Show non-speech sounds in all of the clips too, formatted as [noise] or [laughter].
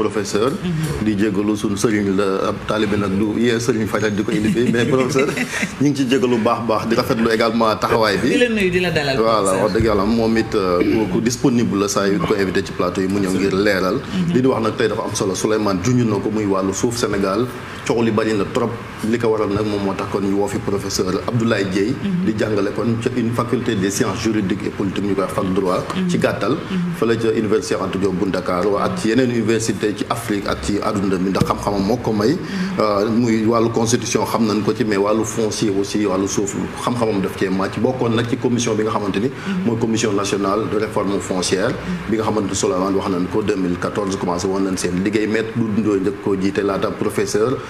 professeur. di jégalu suñu sëriñ la ab taalibe nag du yee sëriñ Fatick di ko indi fii mais professeur ñu ngi ci jégalu baax baax di rafetlu également taxawaay bi. di la nuyu di la dalal. voilà wax dëgg yàlla moom it kooku euh, disponible la saa yu ko invité ci plateau yi mu ñëw ngir leeral. Mm-hmm. li di wax nag tey dafa am solo Souleymane junj na ko muy wàllu suuf Sénégal. coow li bari na trop li ko waral nag moom moo tax kon ñu woo fi professeur Abdoulaye Dieye mhm. di jàngale kon ca une faculté des sciences juridiques et politiques ñu koy fac droit mhm. ci gàttal mhm. fële ca université Anta Diop bu Dakar ak ci yeneen université ci Afrique ak ci àdduna bi ndax xam-xamam moo ko may euh, muy wàllu constitution xam nañ ko ci mais wàllu foncier aussi walu suuf xam-xamam daf cee màcc bokkoon nag ci commission bi nga xamante ni commission nationale de réforme foncière bi nga xamante ni Souleymane ko 2014 commencé woon nañ seen liggéey maître Doudou Ndoye njëkk koo jiite laata professeur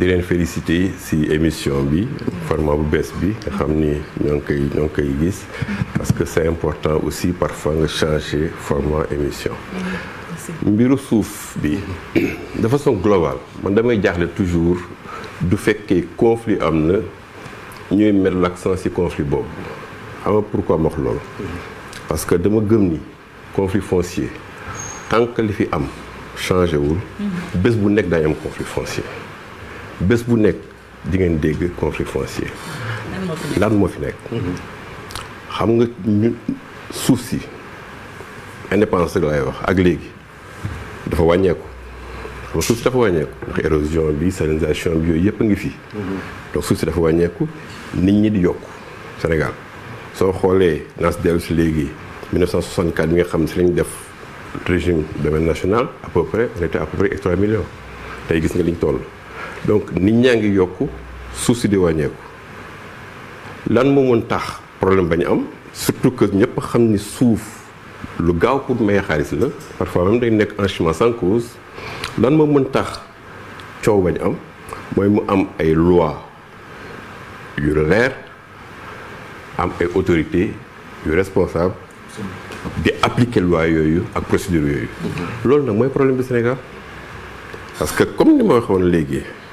Je leen félicité si émission bi format bu bi nga xam ni gis parce que c'est important aussi parfois nga changer format émission mbiru souf bi de façon globale man damay jaxlé toujours du fekké conflit amna ñuy mettre l'accent sur conflit bob. xam pourquoi ma wax parce que dama gëm ni conflit foncier tant que li fi am changé wul bés bu nek dans am conflit foncier bés bu nek di ngeen dégg conflit foncier. lan moo fi nekk xam nga ñu suuf si indépendance lay wax ak léegi dafa wàññeeku donc suuf si dafa wàññeeku ndax érosion bi salinisation bi yooyu yëpp a ngi fi. Mhm. donc suuf si dafa wàññeeku nit ñi di yokk Sénégal soo xoolee nas si dellu si léegi 1964 bi nga xam si lañ def régime domaine national à peu près on était à peu près 3 millions tey gis nga liñ toll. donc nit ñaa ngi yokku suuf si di wàññeeku lan moo mën tax problème bañ am surtout que ñëpp xam ni suuf lu gaaw pour maye xaalis la parfois même day nekk en chemin sans cause lan moo mën tax coow bañ am mooy mu am ay loi yu leer am ay autorité yu responsable di appliquer loi yooyu ak procédure yooyu mm-hmm. loolu nag mooy problème bi Sénégal parce que comme ni ma waxoon léegi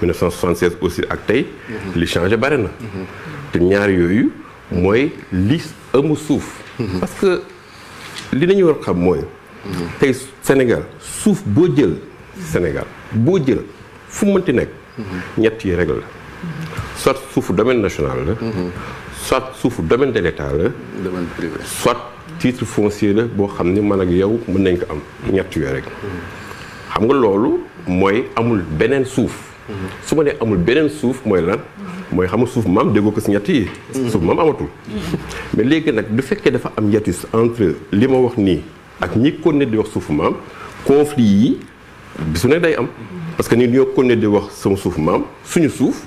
1976 aussi ak tay li changé bare na. te ñaar yooyu moy li ëmb suuf. parce que li nañu war xam moy tay Sénégal suuf bo jël. Sénégal bo jël fu mënti nek ñett yi règle la. soit suufu domaine national la. soit suufu domaine de l'État la. domaine privé soit titre foncier la bo xamni man ak yow mën nañ ko am ñett yooyu rek. xam nga lolu moy amul benen suuf. su ma nee amul beneen suuf mooy lan mooy xam nga suuf maam déggoo ko si ñett yi suuf maam amatul mais léegi nag du fekkee dafa am hiatus entre li ma wax nii ak ñi kon ne di wax suuf maam conflit yi su ne day am parce que ni ñoo kon ne di wax suma suuf maam suñu suuf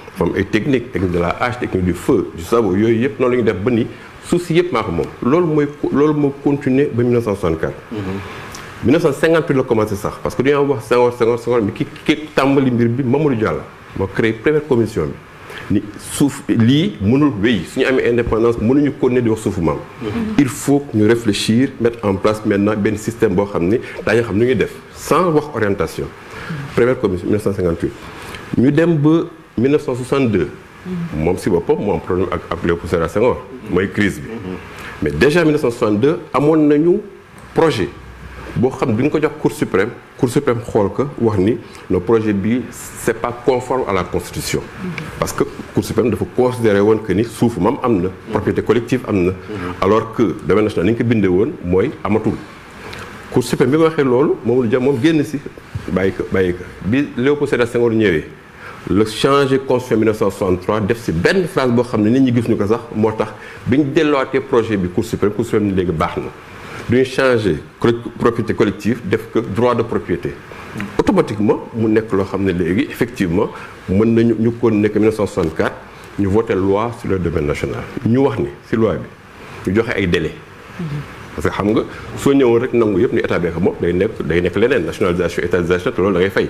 comme technique technique de la hache technique du feu du sabot yooyu yëpp noonu la de def ba ni suuf si yëpp maa ko moom loolu mooy loolu moo continuer 1964 1958 la commencé ça. parce que nous avons 50 mais 50 mais qui qui tàmbali mbir bi Mamadou Diallo moo créé première commission ni ni li lii mënul wéy suñu amee indépendance nous continuer de wax suufu mhm. il faut nous réfléchir mettre en place maintenant ben système bon ramener d'ailleurs ramener xam def sans wax orientation mhm. première commission 1958 ñu dem ba 1962. moom si pas moo un problème avec ak Léopold Sédar Senghor. crise mais déjà 1962 amoon nañu projet Si xam bi ko Cour suprême Cour suprême xool que, wax le projet bi c'est pas conforme à la constitution. parce que Cour suprême dafa considéré que ni souffle moom une propriété collective amne, alors que domaine national ni ñu ko Cour suprême bi nga que le moom lu génn si bàyyi bi Léopold Senghor la changé constitution 1963 def ci ben phrase bo xamné ne nit ñi gis ñu ko sax motax biñu bi projet bi cour suprême cour suprême légui baxna baax na changé propriété collective def que droit de propriété automatiquement mu nek lo xamné légui effectivement mën nañu ñu ko nek 1964 ñu voté loi sur le domaine national ñu wax ni ci loi bi ñu joxe ay délai parce que xam nga so ñëwoon rek nangu yëpp ni état bi xam mo day nek day nek leneen nationalisation étatisation te loolu da ngay fay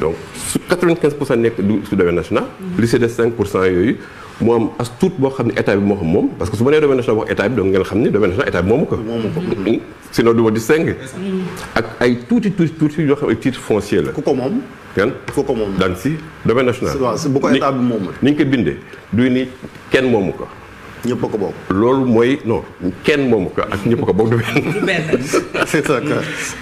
donc 95 nek du domaine national. lycée de 5 yoyu cent am as tuut bo xamni ne état bi moo xam moom parce que su ma nee domaine national bo état bi donc ngeen xamni domaine national état bi moomu ko. sino duma di 5 ak ay touti touti touti yo xam ne titre foncier la. ku ko moom. kenn ku ko moom daan si domaine national. bu ko état bi moom ni ñu ko bindé du ni ken moomu ko. ñëpp ko bokk. loolu mooy non kenn moomu ko ak ñëpp ko bokk du benn. [laughs] c'est ça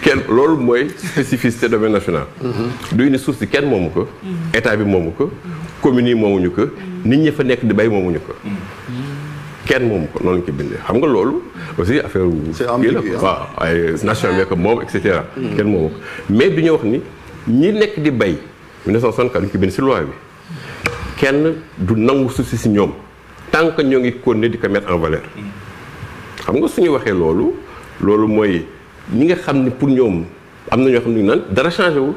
kenn loolu mooy spécificité domaine national. Mm-hmm. duy ne suuf si kenn moomu ko. Mm-hmm. état bi moomu ko. communes yi moomuñu ko. Mm-hmm. nit ñi fa nekk di bay moomuñu ko. kenn moomu ko noonu lañ ko bindee xam nga loolu. aussi affaire kii la waaw waaye nation bi ko moom et cetera. kenn moomu ko mais du ñu wax ni ñi nekk di bay 1964 ñu ko bind si loi bi kenn du nangu suuf si si ñoom. tant ñoo ngi continuer di ko mettre en valeur xam nga su ñu waxee loolu loolu mooy ñi nga xam ne pour ñoom am na ñoo xam ne naan dara changé wul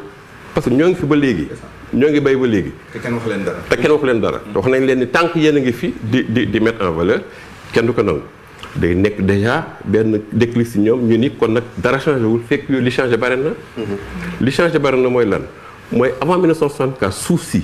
parce que ñoo ngi fi ba léegi ñoo ngi béy ba léegi te kenn wax leen dara te kenn wax leen dara mm. wax nañ leen ni tant yéen a ngi fi di di di mettre en valeur kenn du ko nangu day nekk déjà benn déclic si ñoom ñu ni kon nag dara changé wul fekk yooyu li changé bare na mm-hmm. li changé bare na mooy lan mooy avant 1964 suuf si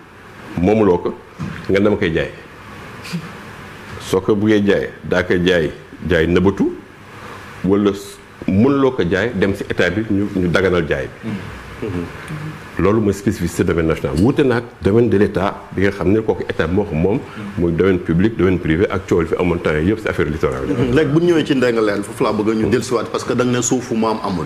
momulo ko nga dama kay jaay soko bu ngey jaay da kay jaay jaay nebatu wala mun lo ko jaay dem ci état bi ñu ñu daganal jaay bi lolu moy spécificité domaine national wuté nak domaine de l'état bi nga xamné ko ko état moko mom moy domaine public domaine privé ak ciol fi amon tan yépp ci affaire littoral hmm. lek bu ñëwé ci ndéngalel fofu la bëgg ñu delsi wat parce que dañ né soufu maam amul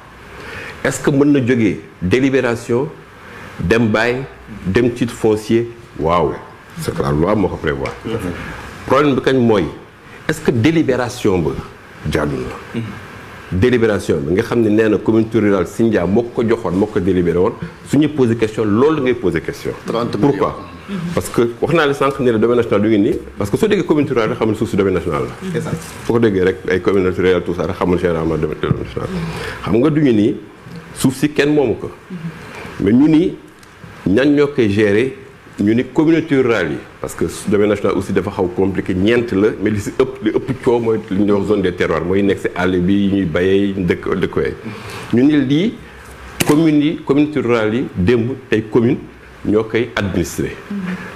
est-ce que mon na délibération dem bàyyi dem titre foncier waaw c'est la loi moo prévoir problème bi kañ mooy est-ce que délibération ba jàddu délibération bi nga on est commune communauté rurale Sindia moo ko joxoon moo ko délibéré woon suñuy question loolu ngay question pourquoi parce que wax naa la sànq le domaine national du ngi parce que soo déggee communauté rurale rek xamal suuf domaine national pour des ko déggee rek ay communauté rurale tout ça rek xamal généralement domaine national xam nga du ngi suuf si kenn moomu ko mais nous ni ñan ñoo que gérer nous ni communauté rurale parce que domaine national aussi dafa xaw compliqué ñeent le mais li si les li ëpp coow mooy zone des terroirs mooy nekk si àll bi yi ñuy bayee dëkk dëkkuwaay ni lii communes communauté rurale yi démb commune, commune ñoo que administrer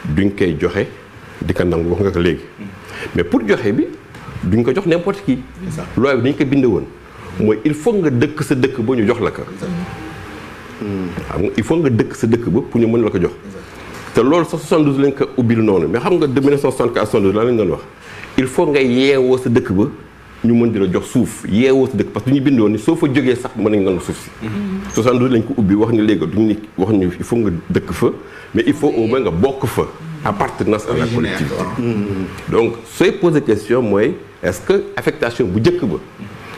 duñ koy joxe di ko nangu wax nga ko mais pour joxe bi duñ ko jox n'importe qui loi bi dañ ko moy il faut nga dëkk sa dëkk ba ñu jox la ko. xam il faut nga dëkk sa dëkk ba pour ñu mëna la ko jox. té lool 72 lañ ko ubbil noonu mais xam nga de 1964 72 lañ doon wax il faut nga yéwo sa dëkk ba ñu mën di la jox suuf yéwo sa dëkk parce que ñu bindoon ni soo fa jógee sax mëna nga la suuf si. 72 lañ ko ubbi wax ni léegi duñ ni wax ni il faut nga dëkk fa mais il faut au moins nga bokk fa. appartenance à la collectivité. donc sooy poser question mooy est-ce que affectation bu njëkk ba.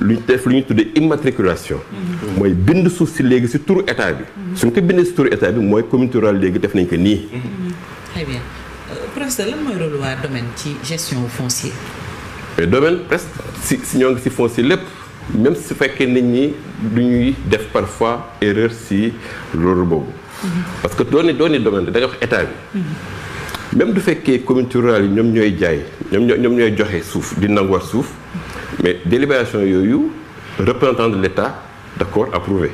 lu ñu def lu ñu tuddee immatriculation mooy bind suuf si léegi si turu état bi suñ ko bindee si turu état bi mooy communauté rurale léegi def nañ ko nii très bien euh, professeur lan mooy rôle waa domaine ci gestion foncière. foncier euh, domaine presque si si ñoo ngi si foncier lépp même su fekkee nit ñi du ñuy def parfois erreur si loolu boobu mhm. parce que dooni dooni domaine da ngay wax état bi mhm même du fait que rurale communautés, ñoom ñooy jaay ñom ñom ñoy joxé di mais délibération yoyu représentant de l'État d'accord approuvé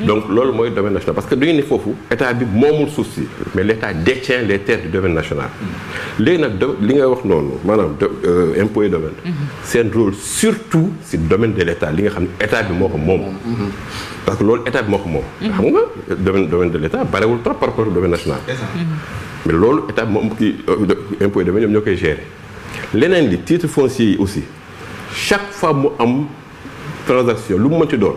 donc c'est le domaine national parce que duñu ne l'état état bi moomul de soucis. mais l'État détient les terres du domaine national. Ce que li nga wax noonu maanaam euh, impôt et domaine. un rôle surtout le domaine de l'État. L'État li nga xam parce que l'État état bi moo ko xam domaine de l'état, état trop par rapport au domaine national. mais l'État, état moom kii euh, impôt domaine ñoom ñoo koy gérer. leneen li titre foncier aussi chaque fois mu am transaction lu mu mënti doon.